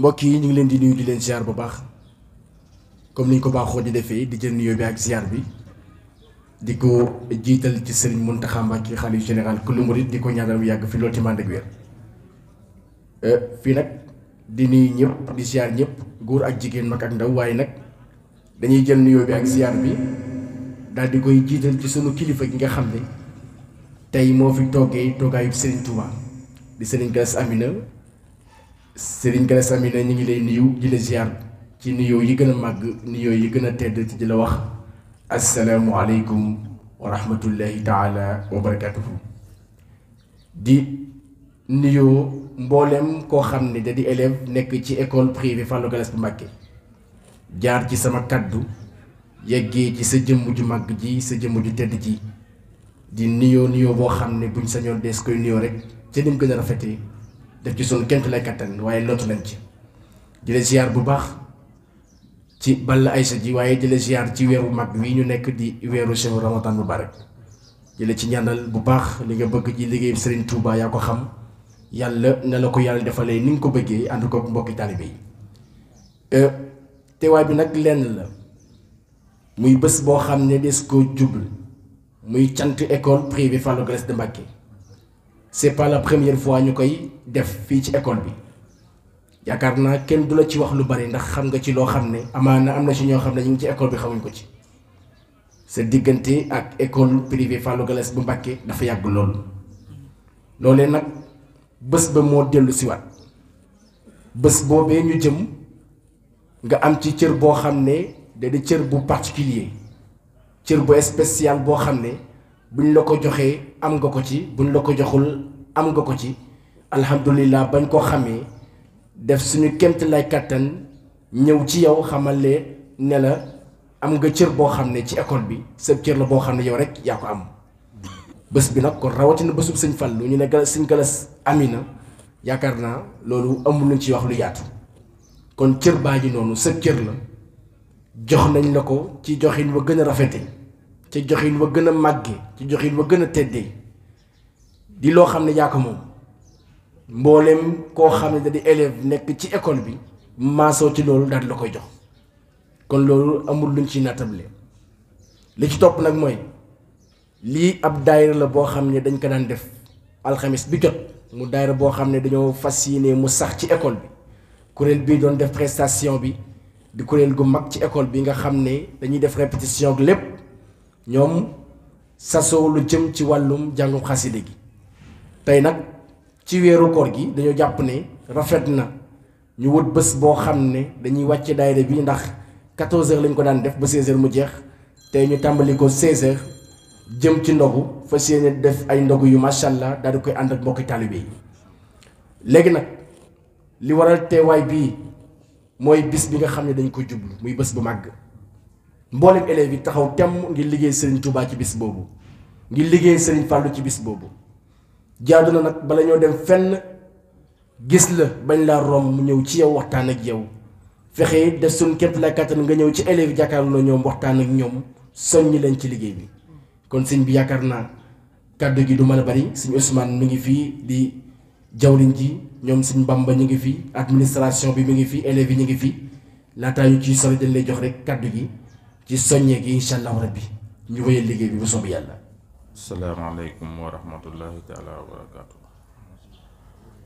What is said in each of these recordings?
mbokk yi ñu ngi leen di nuyu di leen ziar bu baax comme ni ñu ko baaxoo di defee di jël nuyoo bi ak ziar bi di ko jiital ci sëriñ Mountakha Mbacké xalifa général kullu murid di ko ñaanal mu yàgg fi loolu ci mànd nag di nuyu ñëpp di ziar ñëpp góor ak jigéen mag ak ndaw waaye nag dañuy jël nuyoo bi ak ziar bi dal di koy jiital ci sunu kilifa gi nga xam ne tey moo fi toggee toggaayu sëriñ Touba di sëriñ Gass Amina. Serigne Gallass Amina ñu ngi lay nuyu di la ziar ci nuyoo yi gën a màgg nuyoo yi gën a tedd ci di la wax asalaamualeykum wa rahmatullahi taala wa barakatuhu di nuyoo mboolem koo xam ne da di élève nekk ci école privée Fallou Gallass bu Mbacké jaar ci sama kàddu yeggee ci sa jëmm ju màgg ji sa jëmm ju tedd ji di nuyoo nuyoo boo xam ne buñ sañoon des koy nuyoo rek ca ni gën a rafetee def ci suñu kémt lay kattan waaye lottu nañ ci di la bu baax ci Balla Aïssa ji waaye di la ziar ci weeru mag wi ñu nekk di weeru seewu ramadan mubarak di la ci ñaanal bu baax li nga bëgg ci liggéey Serigne Touba yaa ko xam yàlla na la ko yàlla defalee ni nga ko bëggee ànd ko mbokki taalibe yi euh, teewaay bi nag lenn la muy bés boo xam ne des ko jublu muy cant école privée Fallou Galass de Mbacké c'est pas la première fois ñu koy def fii ci école bi yaakaar naa kenn du la ci wax lu bari ndax xam nga ci loo xam ne amaana am na ci ñoo xam ne ñu ngi ci école bi xamuñ ko ci sa diggante ak école privée Fallou Galass bu Mbacké dafa yàgg loolu loolee nag bés ba moo dellu siwaat bés boobee ñu jëm nga am ci cër boo xam ne da di cër bu particulier cër bu spécial boo xam ne buñ la ko joxee am nga ko ci buñ la ko joxul am nga ko ci alhamdulilah bañ ko xamee def suñu kemt lay kàttan ñëw ci yow xamale ne la am nga cër boo xam ne ci école bi sa cër la boo xam ne yow rek yaa ko am bés bi nag kon rawatina bésub sëñ Fallu ñu ne gala sëñ Galas Amina yaakaar naa loolu amul luñ ci wax lu yaatu kon cër baa ji noonu sa cër la jox nañ la ko ci joxin wa gën a rafete ci joxin wa gën a màgge ci joxin wa gën a teddee di loo xam ne yaa ko moom mboolem koo xam ne da nekk ci école bi maasoo ci loolu daal la koy jox kon loolu amul luñ ci nattable li ci topp nag mooy lii ab daayira la boo xam ne dañ ko daan def alxamis bi jot mu daayira boo xam ne dañoo fas yéene mu sax ci école bi kuréel bii doon def prestation bi di kuréel gu mag ci école bi nga xam ne dañuy def répétition ak lépp ñoom sasoo lu jëm ci wàllum jàngum xaside gi tey nag ci weeru koor gi dañoo jàpp ne rafet na ñu wut bés boo xam ne dañuy wàcce daayira bi ñu ndax 14h lañ ko daan def ba 16 mu jeex tey ñu tàmbali ko 16 jëm ci ndogu fas yéene def ay ndogu yu macha allah daal koy ànd ak mbokki taalibe yi léegi nag li waral teewaay bii mooy bis bi nga xam ne dañ ko jublu muy bës bu màgg. mboolem élèves yi taxaw temm ngir liggéey Serigne Touba ci bis boobu ngir liggéey Serigne Fallou ci bis boobu jaadu na nag bala ñoo dem fenn gis la bañ laa romb mu ñëw ci yow waxtaan ak yow fexe def suñ képp la kàttan nga ñëw ci élèves yi jàkkaarloo ñoom waxtaan ak ñoom soññi leen ci liggéey bi kon sëñ bi yaakaar naa kàddu gi du mën a bari sëñ Ousmane mi ngi fii di jawriñ ji ñoom sëñ Bamba ñu ngi fi administration bi mu ngi fi élèves yi ñu ngi fi laataa ñu ciy sori dañ lay jox rek kàddu gi. ci soññee gi incha allahu rabbi ñu wéyal liggéey bi bu soob yàlla. salaamaaleykum wa rahmatullahi taala wa barakaatu.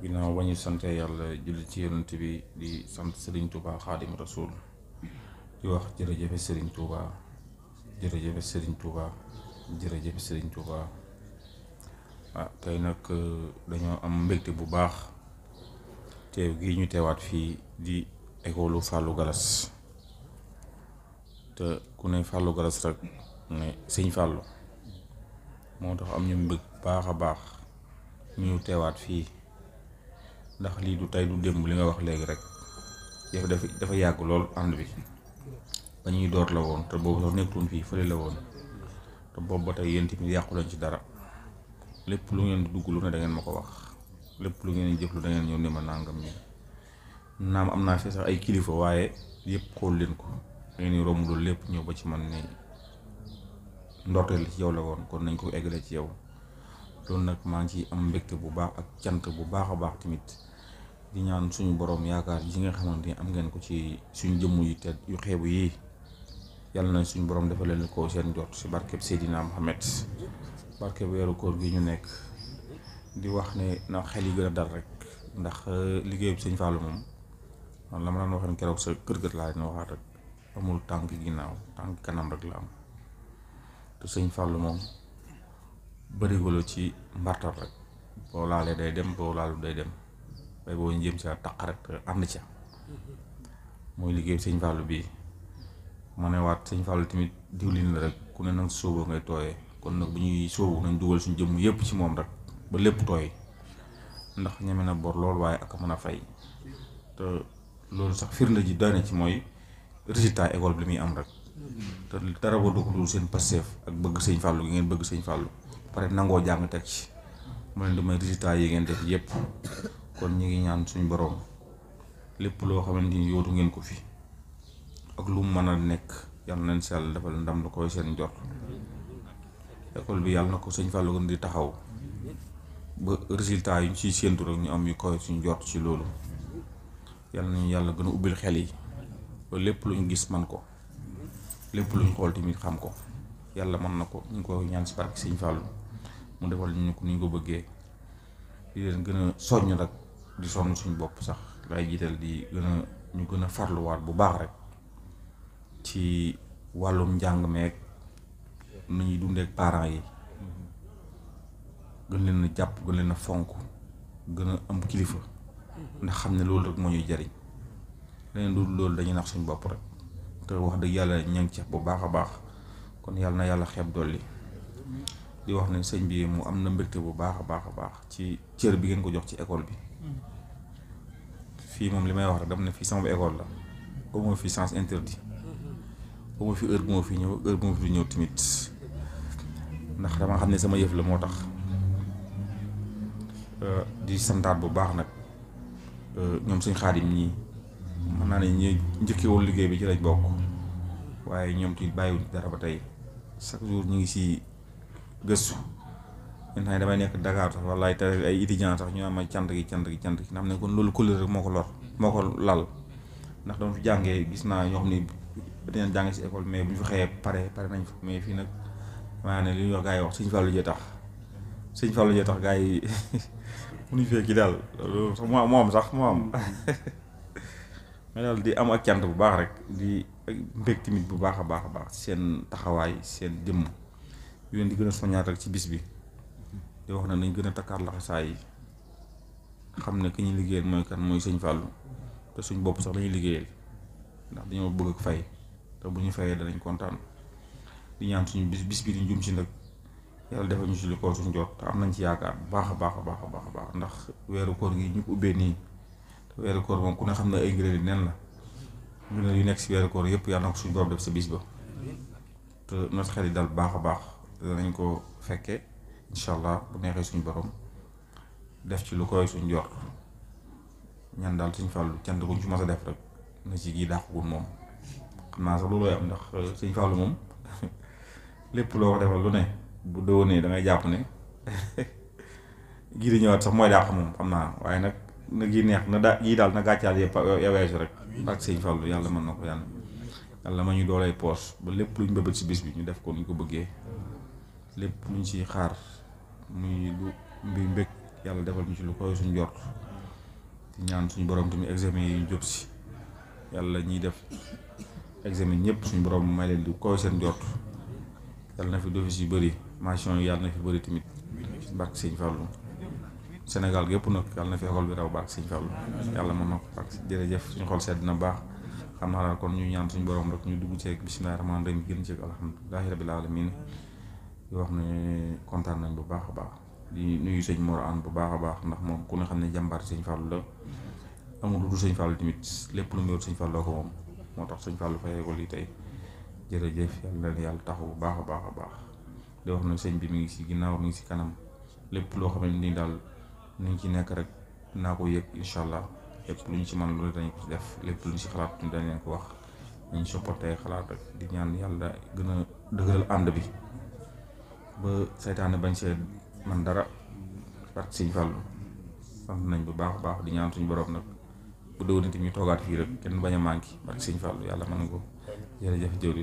ginnaaw ba ñu sante yàlla julli ci yonent bi di sant Serigne Touba Xaadim Rasul di wax jër jërëjëf Serigne Touba jërëjëf Serigne Touba jërëjëf sëriñ Touba ah tey nag euh, dañoo am mbégte bu baax teew gii ñu teewaat fii di école Fallou Gallas. te ku ne fàllu galas rek ne sëñ fàllu moo tax am ñu mbëgg baax a baax ñu teewaat fii ndax lii du tey du démb li nga wax léegi rek dafa dafa dafa yàgg lool ànd bi ba ñuy door la woon te boobu sax nekkuloon fii fële la woon te boobu ba tey yéen tamit yàqu leen ci dara lépp lu ngeen dugg lu ne da ngeen ma ko wax lépp lu ngeen jëf lu dangeen ngeen ñëw ne ma nàngam ñi naam am naa fi ay kilifa waaye yëpp xool leen ko. da ngeen di romb loolu lépp ñëw ba ci man ni ndorteel ci yow la woon kon nañ ko eggale ci yow loolu nag maa ngi ciy am mbégte bu baax ak cant bu baax a baax tamit di ñaan suñu borom yaakaar yi nga xamante ni am ngeen ko ci suñu jëmm yu tedd yu xeebu yi yàlla nañ suñu borom defal leen ko seen jot si barkeb Seydina Mohamed barkeb weeru koor gi ñu nekk di wax ne na xel yi gën a dal rek ndax liggéeyub sëñ Fallou moom man la ma daan waxee keroog sa kër kër laa waxaat rek. amul tànk ginnaaw tànk kanam rek la am te sëñ Fallou moom bërigo ci mbartal rek boo laalee day dem boo laalu day dem bay boo ñu jëm sa taq rek ànd ca mooy liggéey sëñ Fallou bii mu waat sëñ Fallou tamit diwlin la rek ku ne nag sóoboo ngay tooyee kon nag bu ñuy sóobu nañ dugal suñ jëmm yépp ci moom rek ba lépp tooy ndax ñeme na bor lool waaye ak mën a fay te loolu sax firnde ji daane ci mooy résultat école bi li muy am rek te dara wóorul ko dul seen passeef ak bëgg sëñ fàllu gi ngeen bëgg sëñ fàllu pare nangoo jàng teg ci mu leen di may résultat yi ngeen def yépp kon ñu ngi ñaan suñu boroom lépp loo xamante ni yootu ngeen ko fi ak lu mu mën a nekk yàlla nañ si yàlla defal ndam lu koy seen jot ecole bi yàlla na ko sëñ fàllu gën di taxaw ba résultat yi ñu ciy séentu rek ñu am yu koy suñ jot ci loolu yàlla nañu yàlla gën a ubbil xel yi ba lépp luñ gis man ko lépp luñ xool tamit xam ko yàlla mën na ko ñu ngi ko ñaan si barke Sëñ Fàllu mu defal ñu ko ni ñu ko bëggee di leen gën a soññ nag di sonn suñu bopp sax laay jiital di gën a ñu gën a farluwaat bu baax rek ci wàllum njàng meek nu ñuy dundeek parents yi gën leen a jàpp gën leen a fonk gën a am kilifa ndax xam ne loolu rek moo ñuy jariñ leneen du loolu dañuy nax suñ bopp rek te wax dëgg yàlla ña ci bu baax a baax kon yàlla na yàlla xeeb dolli di wax ne sëñ bii mu am na mbégte bu baax a baax a baax ci cër bi ngeen ko jox ci école bi fii moom li may wax rek dama ne fii sama école la amoo fi sens interdit amoo fi heure bu ma fi ñëw heure bu ma fi ñëw tamit ndax dama xam ne sama yëf la moo tax euh, di santaat bu baax nag euh, ñoom suñ xaadim ñii mën naa ne ñu njëkkewul liggéey bi ci lañ bokk waaye ñoom ti bàyyiwul dara ba tey chaque jour ñu ngi si gëstu ñun tamit damay nekk Dakar sax walaay te ay étudiants sax ñu am ay cant gi cant gi cant gi nga xam kon loolu couleur rek moo moo lal ndax doon fi gis naa ñoo xam ne jàng si école mais bu ñu fa xëyee pare pare nañ fa fii nag maa ne li ñuy wax yi wax sëñ Fallou jee tax sëñ Fallou jee tax gars yi mënuñ fekki daal loolu moo am sax moo am. mais di am ak cant bu baax rek di mbég tamit bu baax a baax a baax seen taxawaay seen jëmm yu di gën a soññaat ci bis bi di wax ne nañ gën a takkaat laxasaay xam ne ki ñu liggéeyal mooy kan sëñ Fallou te suñ bopp sax lañuy liggéeyal ndax dañoo bëgg fay te bu fayee danañ kontaan di ñaan suñu bis bis bi di jum si nag yàlla si lu ko suñ jot am nañ ci yaakaar bu baax a baax a baax a baax ndax weeru koor gi ñu ko ubbee nii weeru koor moom ku ne xam na ay ngëneel yu neen la ngëneel yu nekk si weeru koor yëpp yàlla na ko suñu borom def sa bis ba te na baax a baax danañ ko fekkee incha allah bu neexee suñu borom def ci lu koy suñ jor ñan daal suñ fàllu cant kuñ ci mas a def rek na si gii dàqagul moom xam naa sax loolooy am ndax euh, suñ fàllu moom lépp loo wax defal lu ne bu dëwënee da ngay jàpp ne gii di ñëwaat sax mooy dàq moom xam naa waaye nag. na yi neex na daa yii daal na gàccaal yëpp yaweesu rek ak sëñ lu yàlla man na ko yàlla yàlla ma ñu doolay poos ba lépp luñ bëbët si bis bi ñu def ko ñu ko bëggee lépp luñ si xaar muy lu yàlla defal ñu ci lu koy suñ jort di ñaan suñu borom tamit examen yi ñu jub si yàlla ñuy def examen ñëpp suñu borom may leen di koy seen jort yàlla na fi defis yu bëri mention yi yàlla na fi bëri tamit barke sëñ Fallou Sénégal gépp nag yàlla na fi école bi raw baax Sëñ Fallu yàlla mën na ko jërëjëf suñu xol sedd na baax xam naa daal kon ñu ñaan suñu borom rek ñu dugg ceeg bisimilah rahmaan rahim gën ceeg alhamdulilahi rabil alamin di wax ne kontaan nañ bu baax a baax di nuyu sëñ Mor An bu baax a baax ndax moom ku ne xam ne jàmbaar sëñ Fallu la amul lu dul sëñ Fallu tamit lépp lu mu yor sëñ Fallu ko moom moo tax sëñ Fallu fay école yi tey jërëjëf yàlla na yàlla taxu bu baax a baax a baax di wax ne sëñ bi mi ngi si ginnaaw mi ngi si kanam lépp loo xam ne nii daal ni ñu ci nekk rek naa ko yëg incha allah lépp lu ñu ci man loolu dañu ko ci def lépp lu ñu ci xalaat dañ leen ko wax ñu sopportee xalaat rek di ñaan yàlla gën a dëgëral ànd bi ba saytaane bañ see man dara parce siñ Sëñ Fallu sant nañ bu baax baax di ñaan suñu borom nag bu dëwënati ñu toogaat fii rek kenn bañ a manqué parce que yàlla mën na ko jërëjëf jëw